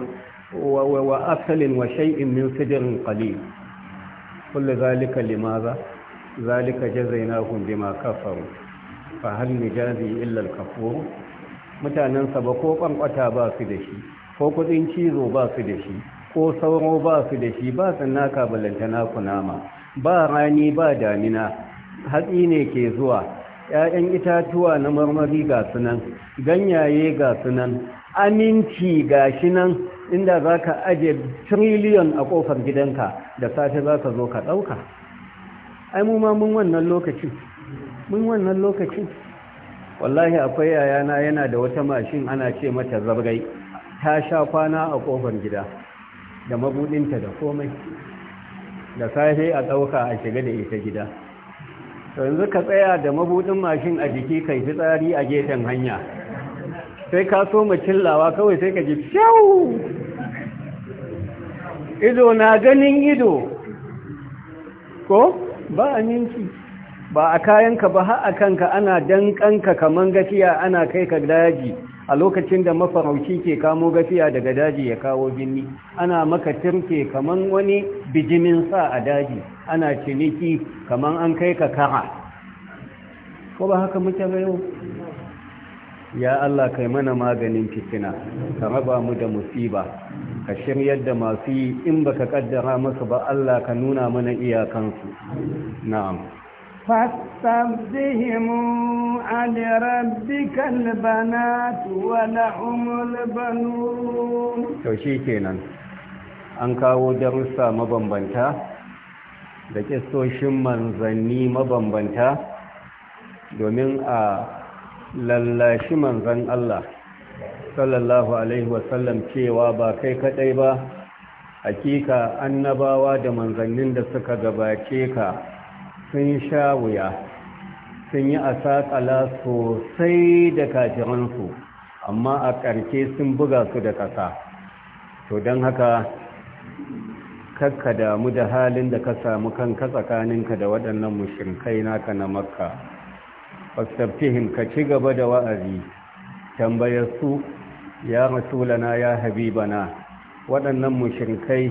asalin wa shai'in min sijirin kali kulle zalika limaza zalika jazai nahun bi ma kafaru fa hal mijazi illal kafuru mutanensa ba ko kwankwata ba su da shi ko kudin cizo ba su da shi ko sauro ba su da shi ba su naka balanta balantana kunama ba rani ba damina hatsi ne ke zuwa ‘ya'yan itatuwa na marmari ga sunan ganyaye ga sunan aminci ga shi nan inda za ka aje triliyon a ƙofar gidanka da safe za ka zo ka ɗauka ai mu ma mun wannan lokacin mun wannan lokacin wallahi akwai yayana yana da wata mashin ana ce mata zargai ta sha kwana a kofar gida da mabudinta da komai da safe a ɗauka a shiga da ita gida yanzu ka tsaya da mabudin mashin a jiki kai tsari a gefen hanya sai ka so cillawa kawai sai ka ji fiyau ido na ganin ido ko ba a ninki ba a kayanka ba har a kanka ana dankanka kaman gafiya ana kai ka daji a lokacin da mafarauci ke kamo gafiya daga daji ya kawo jini ana maka tirke kaman wani bijimin sa a daji ana ciniki kaman an kai ka kara ko ba haka muke ba yau ya Allah kai mana maganin fitina ka raba mu da musiba ka shiryar da masu yi in baka kaddara musu ba Allah ka nuna mana iyakansu na'am فاستفزهم لربك البنات ولهم البنون توشي kenan an kawo darussa mabambanta da kistoshin manzanni mabambanta domin a lallashi manzan Allah sallallahu alaihi wasallam cewa ba kai kadai ba hakika annabawa da manzannin da suka gabace ka sun sha wuya sun yi a saƙala sosai da kafiransu amma a ƙarke sun buga su da ƙasa to don haka kakka damu da halin da ka samu kanka tsakaninka da waɗannan mushinkai naka na makka fasafihin ka ci gaba da wa'azi tambayar su ya rasulana ya habibana waɗannan mushinkai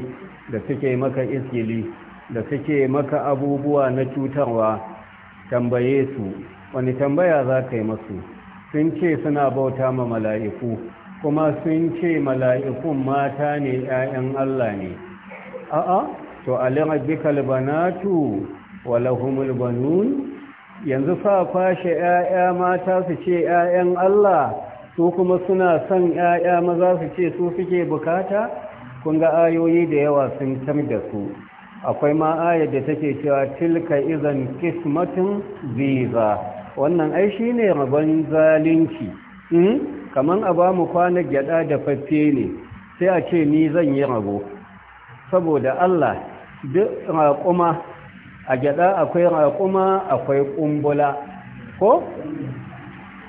da suke maka isgili da suke maka abubuwa na cutarwa tambaye su wani tambaya za ka yi masu sun ce suna bauta ma mala'iku kuma sun ce mala'ikun mata ne ‘ya'yan Allah ne a'a to alirabbikal banatu walahumul banun yanzu fa kwashe ‘ya'ya mata su ce ‘ya'yan Allah su kuma suna son ‘ya'ya maza su ce su suke bukata kunga ayoyi da yawa sun tam da su akwai ma ayar da take cewa tilka izan kismatin ziza wannan ai ne rabon zalunci hmm? kaman a ba mu kwana gyada da faffe ne sai a ce ni zan yi rabo saboda Allah duk raƙuma a gyada akwai raƙuma akwai ƙumbula ko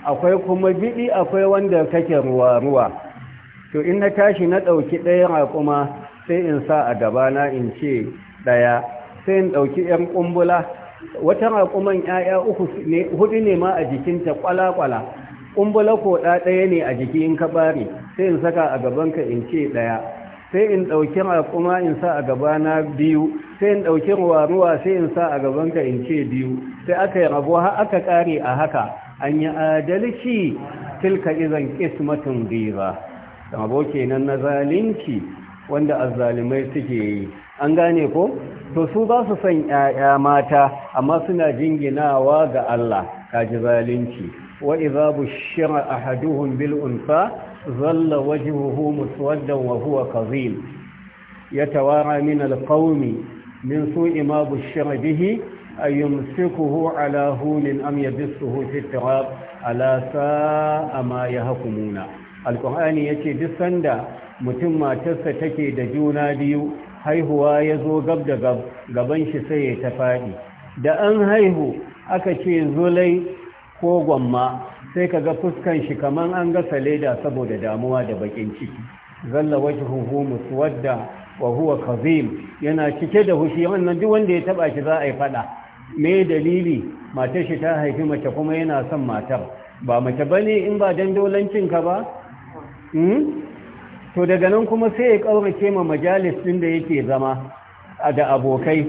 akwai kuma biɗi akwai wanda kake ruwa-ruwa to in na tashi na ɗauki ɗaya raƙuma sai in sa a gabana in ce ɗaya sai in ɗauki 'yan ƙumbula wata raƙuman 'ya'ya uku ne hudu ne ma a jikinta kwala-kwala ƙumbula ko ɗaya ne a jiki in ka bari. sai in saka a gabanka in ce ɗaya sai in ɗauki raƙuma in sa a gabana biyu sai in ɗauki ruwa-ruwa sai in sa a gabanka in ce biyu sai aka yi rabo har aka ƙare a haka an yi adalci tilka izan ƙismatin riba rabo kenan na zalunci wanda azzalimai suke yi an gane ko to su ba su san mata amma suna jinginawa ga Allah kaji zalunci wa idza bushira ahaduhum bil unsa zalla wajhuhu muswaddan wa huwa kazim yatawara min al qawmi min su'i ma bushira bihi ayumsikuhu ala hunin am yabissuhu fi tirab ala sa'a ma yahkumuna alqur'ani yace duk sanda mutum matarsa take da juna biyu haihuwa ya zo gab da gaban shi sai ya ta faɗi da an haihu aka ce zulai ko gwamma sai ka ga fuskan shi kamar an gasa leda saboda damuwa da bakin ciki zalla wajhuhu muswadda wa huwa kazim yana cike da hushi wannan duk wanda ya taba shi za a yi fada me dalili matar shi ta haifi mace kuma yana son matar ba mace bane in ba dan dolancin ka ba hmm? to daga nan kuma sai ya ƙaurace ma majalis ɗin da yake zama a da abokai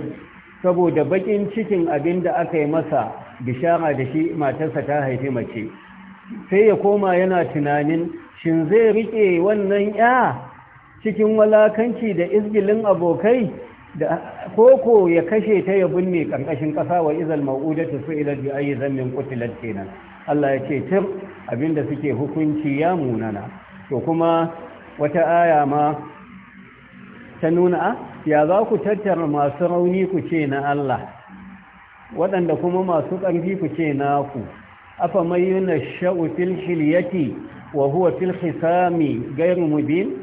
saboda bakin cikin abin da aka yi masa bishara da shi matarsa ta haifi mace sai ya koma yana tunanin shin zai riƙe wannan ya cikin walakanci da izgilin abokai da koko ya kashe ta ya binne ƙarƙashin ƙasa wa izal ma'udatu ila bi ayi zammin qutilat kenan Allah ya ce tir abinda suke hukunci ya munana to kuma wata aya ma ta nuna ah, ya za ku tattara masu rauni ku ce na Allah waɗanda kuma masu ƙarfi ku ce na ku afa mai yuna sha'u fil hilyati wa huwa fil hisami gairu mubin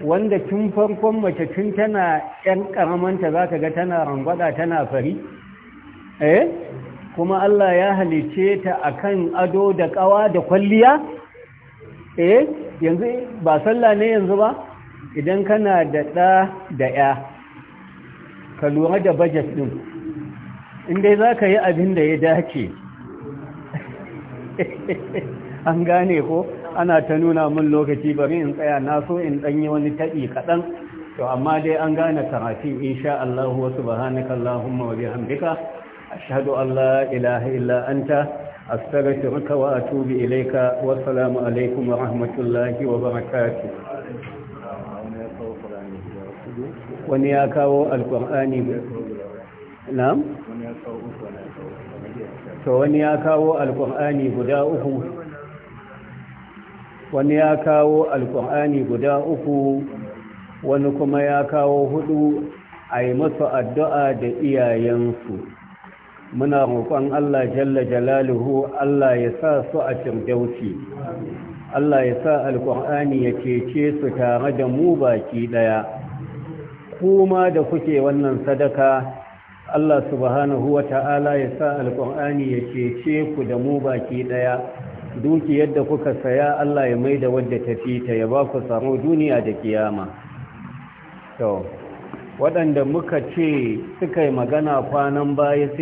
wanda tun farkon mace tun tana ƴan ƙaramanta za ka ga tana rangwada tana fari eh kuma Allah ya halice ta akan ado da ƙawa da kwalliya eh yanzu ba sallah ne yanzu ba idan kana da ɗa da ya ka lura da budget ɗin inda za ka yi abin da ya dace an gane ko ana ta nuna mun lokaci bari in tsaya na so in ɗanyi wani taɓi kaɗan to amma dai an gane karatu insha Allah wa subhanaka Allahumma wa bihamdika ashhadu an la ilaha illa anta أستغفرك وأتوب إليك والسلام wa rahmatullahi wa وبركاته wani ya kawo alkur'ani na'am to wani ya kawo alkur'ani guda uku wani ya kawo alkur'ani guda uku wani kuma ya kawo hudu ai yi masu addu'a da iyayensu muna roƙon Allah jalla jalaluhu Allah ya sa su a firdausi Allah ya sa alƙur'ani ya cece su tare da mu baki ɗaya kuma da kuke wannan sadaka Allah subhanahu wa ta'ala ya sa alƙur'ani ya cece ku da mu baki ɗaya duki yadda kuka saya Allah ya mai da wadda ta fita ya ba ku samu duniya da kiyama to waɗanda muka ce suka yi magana kwanan baya